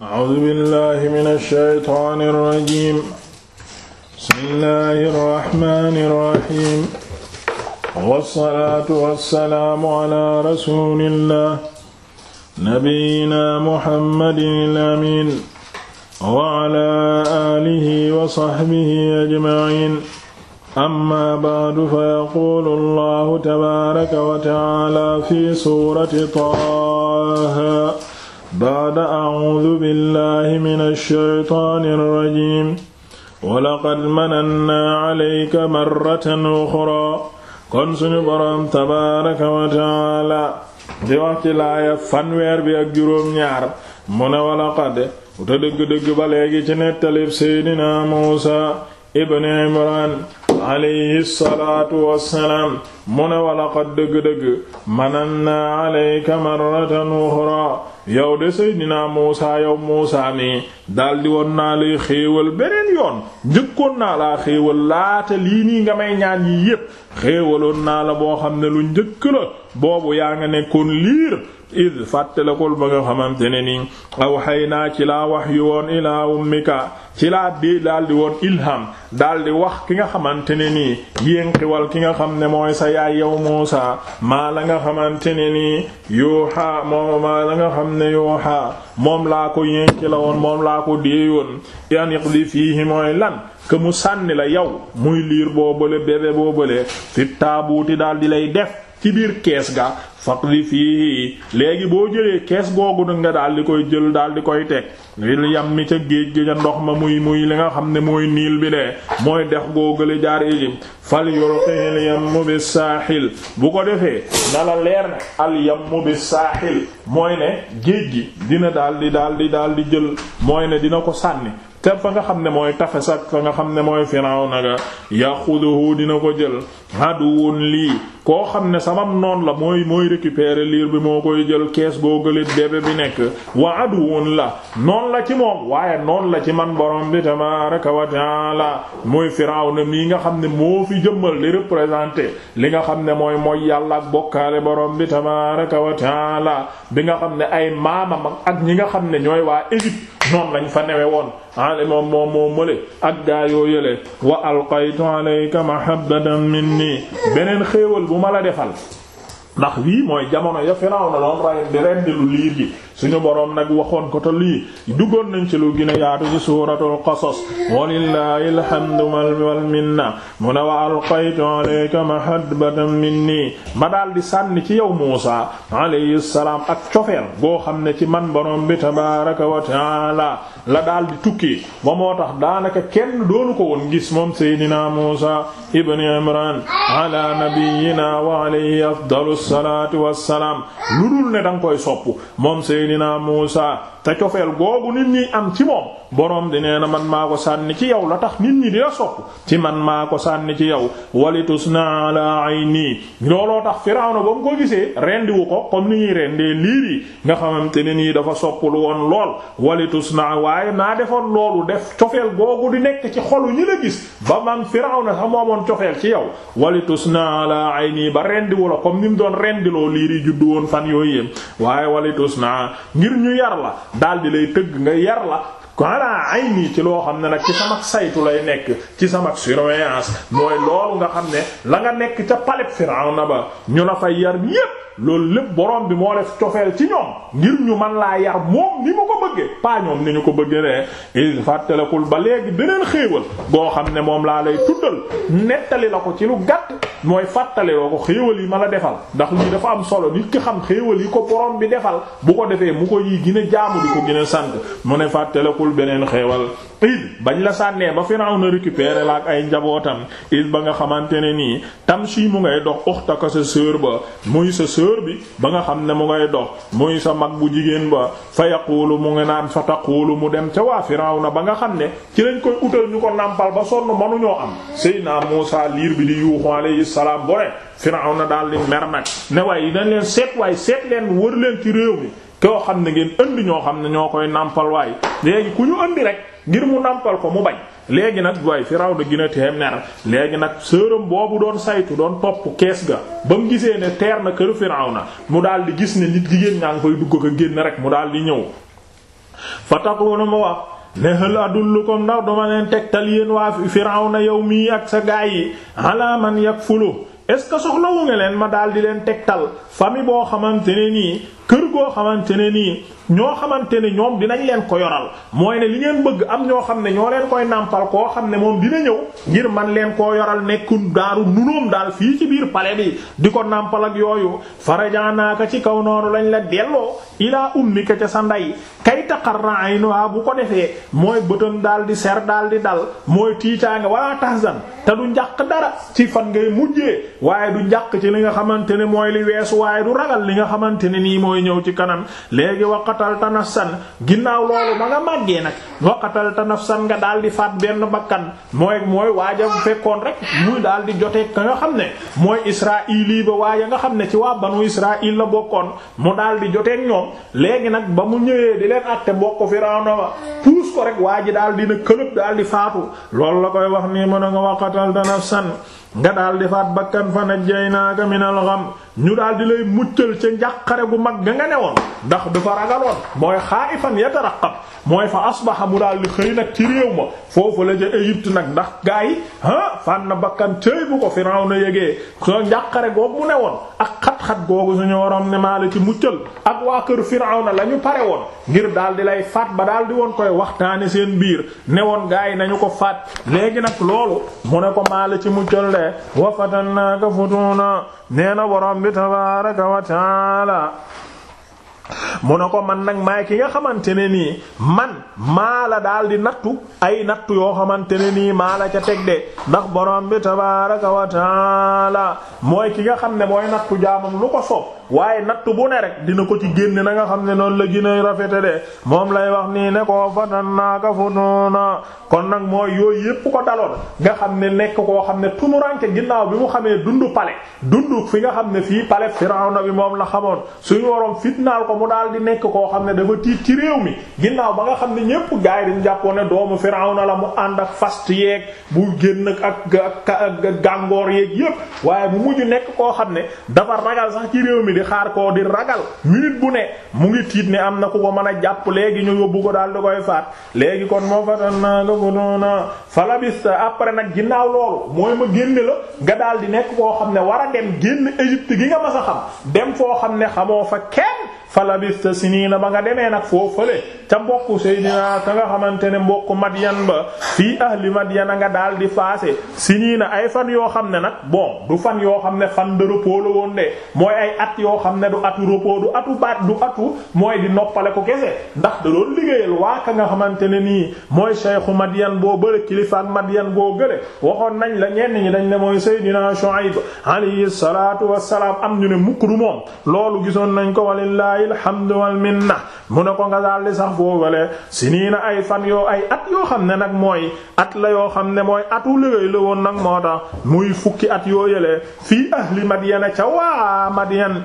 A'uuzu billaahi mina shaytaani rajiim. Bismillaahi rahmaani rahiim. Wassalaatu wassalaamu alaa rasuulillaah. Nabiyyinaa Muhammadin al-amiin. Wa alaa aalihi wa sahbihi ajma'iin. Amma ba'du fayaquulu Allaahu tabaaraka wa ta'aalaa fi suurati Taaha. baada acuudu billahi min alshaytaani alrajim walaqad manannaa calayka marratan uxraa kon suñu boroom tabaaraka wa tacaala di wax ci laaya fanweer bi ak juróom-ñaar mu ne walaqad te dëgg-dëgg ba léegi ci nettalib seydina muusa ibn imraan alayhi salaatu wassalaam mu ne walaqad dëgg-dëgg manannaa alayka marratan uxra yow de seydinaa muusa yow muusa mi daldi woon naa lay xéewal beneen yoon njëkkoon naa laa xéewal laata lii nii nga may ñaan yi yépp xéewaloon naa la boo xam ne lu njëkk la boobu yaa nga nekkoon liir id fàttalakul ba nga xamante ne ni aw xay naa ci laa wax yu woon ilaa ummika ci laa dee daldi woon ilham daldi wax ki nga xamante ne nii yénqiwal ki nga xam ne mooy sa yaay yow Muusa maa la nga xamante ne nii yooxaa moom nga xam ne moom laa ko yénqi la woon moom laa ko déeyoon yaniq di fiihi mooy lan que mu sànni la yow muy liir boobale bébé boobale fi taabuuti daldi lay def ci biir kees ga faqdi fii léegi boo jëlee kees googu nag nga daal di koy jël daal di koy teg wil yam mi ca géej gi ca ndox ma muy muy li nga xam ne mooy niil bi de mooy dex googale jaar Égypte fal yulqihil yammu bi saaxil bu ko defee na la leer ne al yammu bi saaxil mooy ne géej gi dina daal di daal di daal di jël mooy ne dina ko sànni te fa nga xam ne mooy tafe ak fa nga xam ne mooy Firawna ga yaxuduhu dina ko jël aduwun lii koo xam ne samam noon la mooy mooy récupérer liir bi moo koy jël kees goo gëléet bébé bi nekk wa aduwun la noon la ci moom waaye noon la ci man borom bi tabaraka wa taala mooy Firawna mii nga xam ne moo fi jëmmal di représenter li nga xam ne mooy mooy yàlla ak bokkaale boroom bi tabaraka wa taala bi nga xam ne ay maamam ak ñi nga xam ne ñooy waa Égypte noonu lañ fa newe woon ale moom moo mële ak gaa yoo yële wa alqaytu alayka mahabbatan minni beneen xéewal bu ma la defal ndax wii mooy jamono ya Firawna doon rey di rendi lu liir gi suñu boroom nag waxoon ko te lii duggoon nañ ci lu gën a yaatu ci suuratul qasas walillahi alhamdu wal minna mu ne wa alqaytu alayka mahabbatan minni ma daal di sànni ci yow Muusa alayhi salaam ak cofeel goo xam ne ci man boroom bi tabaaraka wa taala la daal di tukki ba moo tax daanaka kenn doonu ko woon gis moom Seydina Muusa ibn Imran ala nabiyyina wa alayhi afdalu salaatu wassalaam lu dul ne danga koy sopp seydinaa muusa te cofeel googu nit ñi am ci moom borom di nee na man maa ko sànni ci yow la tax nit ñi di la sopp ci man maa ko sànni ci yow walitusna ala nii looloo tax Firawna ba mu ko gisee rendiwu ko comme ni ñuy rendee liir yi nga xamante ne nii dafa sopp lu woon lool walitusna waaye naa defoon loolu def cofeel googu di nekk ci xolu ñi la gis ba man Firawna sax moomoon cofeel ci yow walitusna ala ayni ba rendiwu la comme ni mu doon rendiloo liir yi juddu woon fan yooyu yépp waaye walitusna ngir ñu yar la daal di lay tëgg nga yar la ko voilà ay nii ci loo xam ne nag ci sama saytu lay nekk ci sama surveillance mooy loolu nga xam ne la nga nekk ca palais Firawna ba ñu la fay yar loolu lépp borom bi moo def cofeel ci ngir ñu man laa yar moom ni mu ko bëggee pas ñoom ne il ba léegi beneen xéewal goo xam ne moom laa lay tuddal nettali la ko ci lu gàtt mooy fàttali loo ko xéewal yi ma la defal ndax lii dafa am solo nit ki xam xéewal yi ko borom bi defal bu ko defee mu ko yi gën a jaamu di ko gën a sant mu ne fàttaliku sàkkul beneen xeewal id bañ la sànnee ba Firawna récupéré la ak ay njabootam id ba nga xamante ne nii tamshi mu ngay dox uxtaka sa sœur ba muy sa sœur bi ba nga xam ne mu ngay dox muy sa mag bu jigéen ba fa yaqulu mu ngi naan fa taqulu mu dem ca waa na ba nga xam ne ci lañ koy utal ñu ko nàmpal ba sonn mënuñoo am Seydina Muusa liir bi di yuuxu alayhi salaam bore Firawna daal di mer nag ne waaye dañ leen seet waaye seet leen wër leen ci réew mi koo xam ne ngeen indi ñoo xam ne ñoo koy nàmpal waay léegi ku ñu indi rek ngir mu nàmpal ko mu bañ léegi nag waay Firawna gën a teem ner léegi nag sërëm boobu doon saytu doon topp kees ga ba mu gisee ne teer na kër na mu daal di gis ne nit jigéen ñaa ngi koy dugg ko génn rek mu daal di ñëw fa taqulu ma wax ne hal adullukum ndax dama leen tegtal yéen waa na yow mii ak sa gaay yi ala man yakfulu est-ce que soxlawu nga leen ma daal di leen tegtal famille boo xamante ne nii kër goo xamante ne nii ñoo xamante ne ñoom dinañ leen ko yoral mooy ne li ngeen bëgg am ñoo xam ne ñoo leen koy nàmpal koo xam ne moom dina ñëw ngir man leen koo yoral nekkul daaru nunoom daal fii ci biir palais bi di ko nàmpal ak yooyu farajaanaaka ci kaw noonu lañ la delloo ilaa ummika ca sa ndey kay taqarra aynuha bu ko defee mooy bëtam daal di ser daal di dal mooy tiitaanga wala tahzan waaye du jàq ci li nga xamante ne mooy li weesu waaye du ragal li nga xamante ne nii mooy ñëw ci kanam léegi waqatalta nafsan ginnaaw loolu ma nga màggee nag waqatalta nafsan nga daal di faat benn bakkan mooy mooy waaja fekkoon rek muy daal di jotee ka nga xam ne mooy israili ba waaja nga xam ne ci waa banu israil la bokkoon mu daal di joteeg ñoom léegi nag ba mu ñëwee di leen àtte bokk Firawna wa puus daal dina këlëb daal di faatu loolu la koy wax nii mën a nga waqatalta faat bakkan fa najjaynaaka min al-gham ñu daal di lay muccal ca njàqare gu mag ga nga woon ndax dafa ragaloon mooy xaaifan yataraqab mooy fa asbaha mu daal di xëy nag ci réew ma foofu la ca Égypte nag ndax gaa yi ah fàn na bakkan cëy bu ko Firawna yegee soo njàqare googu mu newoon ak xat-xat googu suñu waroon ne maa la ci muccal ak waa kër Firawna la ñu pare woon ngir daal lay faat ba daal woon koy waxtaane seen biir ne woon gaa yi nañu ko faat léegi nag loolu mu ne ko maa la ci muccal borom bi tabaaraka wa mu ne ko man nag maay ki nga xamante ne nii man maa la daal di nattu ay nattu yoo xamante ne nii maa la ca teg de ndax borom bi tabaaraka wa taala mooy ki nga xam ne mooy nattu jaamam lu ko soob waaye natt bu ne rek dina ko ci génn na nga xam ne noonu la gëna rafete de moom lay wax nii ne koo fatan naaka futuuna kon nag mooy yooyu yépp ko daloon nga xam ne nekk koo xam ne tumuranke ginnaaw bi mu xamee dundu pale dundu fi nga xam ne fii pale Firawna bi moom la xamoon suñu waroon fitnaal ko mu daal di nekk koo xam ne dafa tiit ci réew mi ginnaaw ba nga xam ne ñépp gaay yi dañ jàppoon ne doomu Firawna la mu ànd ak fast yeeg bu génn ak ak gàngoor yeeg yépp waaye bu mujj nekk koo xam ne dafa ragal sax ci mi di xaar koo di ragal minute bu ne mu ngi tiit ni am na ku ko mën a jàpp léegi ñu yóbbu ko daal di koy faat léegi kon moo fatan naa nga fonoona falabista après nag ginnaaw loolu mooy ma génne la nga daal di nekk koo xam ne war a dem génn Égypte gi nga mas a xam dem foo xam ne xamoo fa kenn fa labista siniina ba nga demee nag foofale ca mbokku Seydina ka nga xamante ne mbokku Madyan ba fii ahli Madyan a nga daal di faase siniina ay fan yoo xam ne nag bon du fan yoo xam ne fan de repos la woon de mooy ay at yoo xam ne du atu repos du atu baat du atu mooy di noppale ko kese ndax da doon liggéeyal waa ka nga xamante ne nii mooy Seexu Madyan boo bëre kilifaat Madyan boo gële waxoon nañ la ñenn ñi dañ ne mooy Seydina Shuayb alayhi salaatu wassalaam am ñu walillahi alhamdu minna mu ne ko nga daal di sax foofale si nii na ay fan yoo ay at yoo xam ne nag mooy at la yoo xam ne mooy atu liggéey la woon nag moo tax muy fukki at yoo yëlee fii ahli madyana ca waa madyan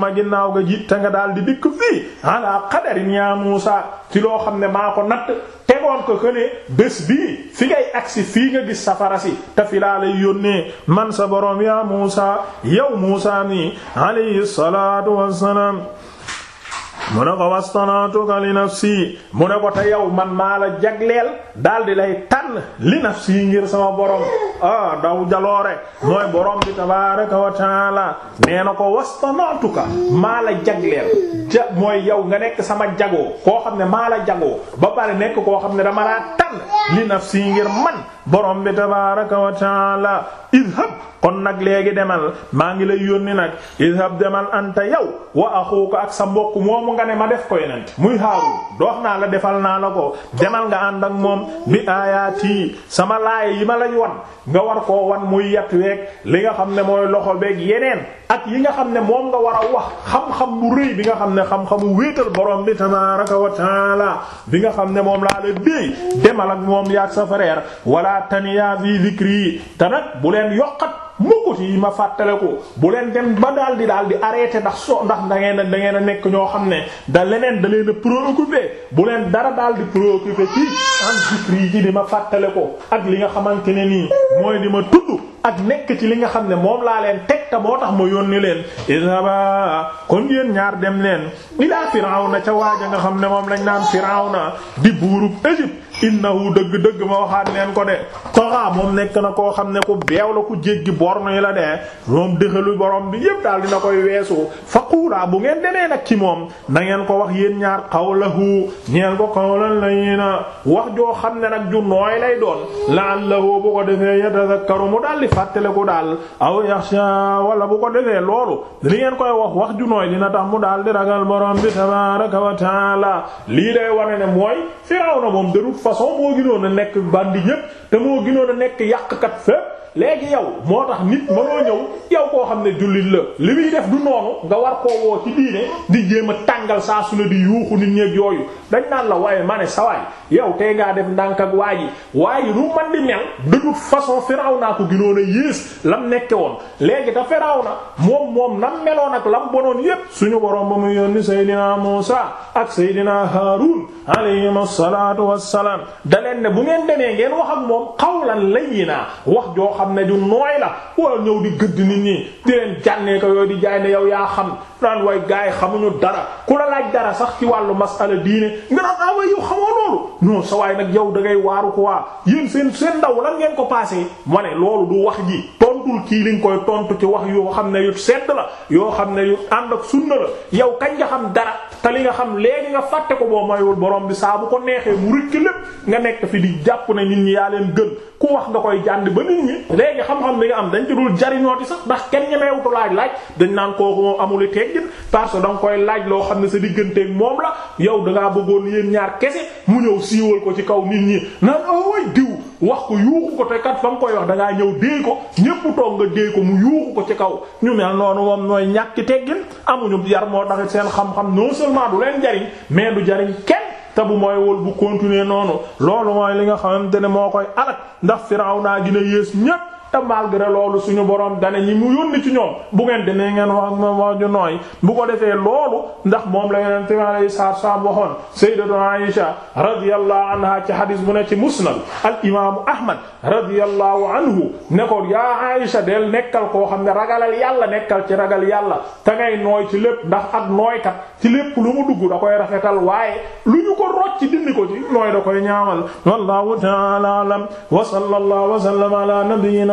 ma ginnaaw ga te nga daal di dikk fii ala qadarin ya Muusa ci loo xam ne maa ko natt tegoon ko que bés bii fi ngay agsi fii nga gis safara si te fi laa yónnee man sa boroom yaa Muusa yow Muusa mi alayhi salaatu wassalaam mu ne ko wastanaatuka li nafsi mu ne ko te yow man maa la jagleel daal di lay tànn li nafsi ngir sama borom ah daw jaloore mooy borom bi tabaaraka wa taala nee na ko wastanaatuka maa la jagleel ja mooy yow nga nekk sama jagoo koo xam ne maa la jagoo ba pare nekk koo xam ne dama laa tànn li nafsi ngir man borom bi tabaaraka wa taala idhab kon nag léegi demal maa ngi lay yónni nag idhab demal anta yow wa axuuka ak sa mbokk moomu nga ne ma def koy yonent muy Haarun doox naa la defal naa la ko demal nga ànd ak moom bi aayaati sama laay yi ma lay wan nga war koo wan muy yat week li nga xam ne mooy loxo beek yeneen ak yi nga xam ne moom nga war wax xam-xam bu rëy bi nga xam ne xam-xamu wéetal borom bi tabaaraka wa taala bi nga xam ne moom laa la déey demal ak moom yaag sa frère wala taniya fi zikri yi bu leen yokkat mukkut yi ma fàttale ko bu leen dem ba daal di daal di arrêté ndax so ndax dangeen ngeen a da a nekk ñoo xam ne da leneen da leen a préoccupé bu leen dara daal di préoccupé ci en zikri ji di ma ko ak li nga xamante ne nii mooy di ma tudd ak nekk ci li nga xam ne moom laa leen teg te boo tax ma yónni leen isaba kon yéen ñaar dem leen ilaa Firawna ca waaja nga xam ne moom lañ naan Firawna di buurub Égypte innahu dëgg-dëgg ma waxaat leen ko de toxaa moom nekk na koo xam ne ku beew la ku jéggi borno yi la de moom dëxalu borom bi yépp daal dina koy weesu faquulaa bu ngeen demee nag ci moom na ngeen ko wax yéen ñaar qawlahu ñeen ko qawlan layyina wax joo xam ne nag ju nooy lay doon la'allahu bu ko defee yatadhakkaru mu daal di fàttaliku daal aw yaxsha wala bu ko defee loolu li koy wax wax ju nooy dina tax mu daal di ragal borom bi tabaaraka façon moo gënoon a nekk bandi ñépp te moo gënoon a nekk yàqkat fépp léegi yow moo tax nit mënoo ñëw yow koo xam ne jullit la li muy def du noonu nga war koo woo ci diine di jéem a tàngal saa su ne di yuuxu nit ñeeg yooyu dañ naan la waaye ma ne sawaay yow tey ngaa def ndànk ak waa ji waaye lu man di mel de toute façon Firawna ko ginoon a yées lam nekke woon léegi da Firawna moom moom nam meloon ak lam bonoon yépp suñu boroom ba mu yónni Seydina Muusa ak Seydina Haarun alayhima salaatu wassalaam da bu ngeen demee ngeen wax ak moom xawlan wax xam na du nooy la wala ñëw di gëdd ni ñi di jànnee ko di jaay ne yow yaa xam naan way yi xamuñu dara ku la laaj dara sax ci wàllu masala diine nga naan ah way yow xamoo sa waay nag yow da ngay waaru ko waa yéen seen seen ndaw lan ngeen ko passé ma ne loolu du wax ji tontul kii li nga koy tontu ci wax yoo xam ne yu sedd la yoo xam ne yu ànd ak sunna la nga xam dara te li nga xam léegi nga fàtte ko boo mayul borom bi saa ko neexee mu rëcc lépp nga nekk fi di jàpp na nit ñi yaa leen gën ku wax nga koy jànd ba nit ñi léegi xam-xam bi am dañ ci dul jariñooti sax ndax kenn ñemeewutu laaj laaj dañ naan kooku amul teg teggin parce que da nga koy laaj loo xam ne sa digganteeg moom la yow da ngaa bëggoon yéen ñaar kese mu ñëw siiwal ko ci kaw nit ñi naan ah, way diw wax ko yuuxu ko te kat fa nga koy wax da ñëw déey ko ñépp toog nga déey ko mu yuuxu ko ci kaw ñu mel noonu moom nooy ñàkk teggin amuñu yar moo tax seen xam-xam non du leen jariñ mais du jariñ kenn te bu mooy wol bu continuer noonu loolu mooy li nga xamante ne moo koy alak ndax Firawna dina yées ñépp da malgré loolu suñu borom dane ñi mu yónni ci ñoom bu ngeen dina ngeen wax ak moom wax ju nooy bu ko defee loolu ndax moom la yeneen ti alayhi salaatu salaam waxoon sayyidatu Aisha radiyallahu anha ci hadis bu ne ci musnad al imaamu Ahmad radiyallahu anhu ne ko yaa Aisha del nekkal koo xam ne ragalal yàlla nekkal ci ragal yàlla te ngay nooy ci lépp ndax ak nooykat ci lépp lu mu dugg da koy rafetal waaye lu ñu ko rocc dindi ko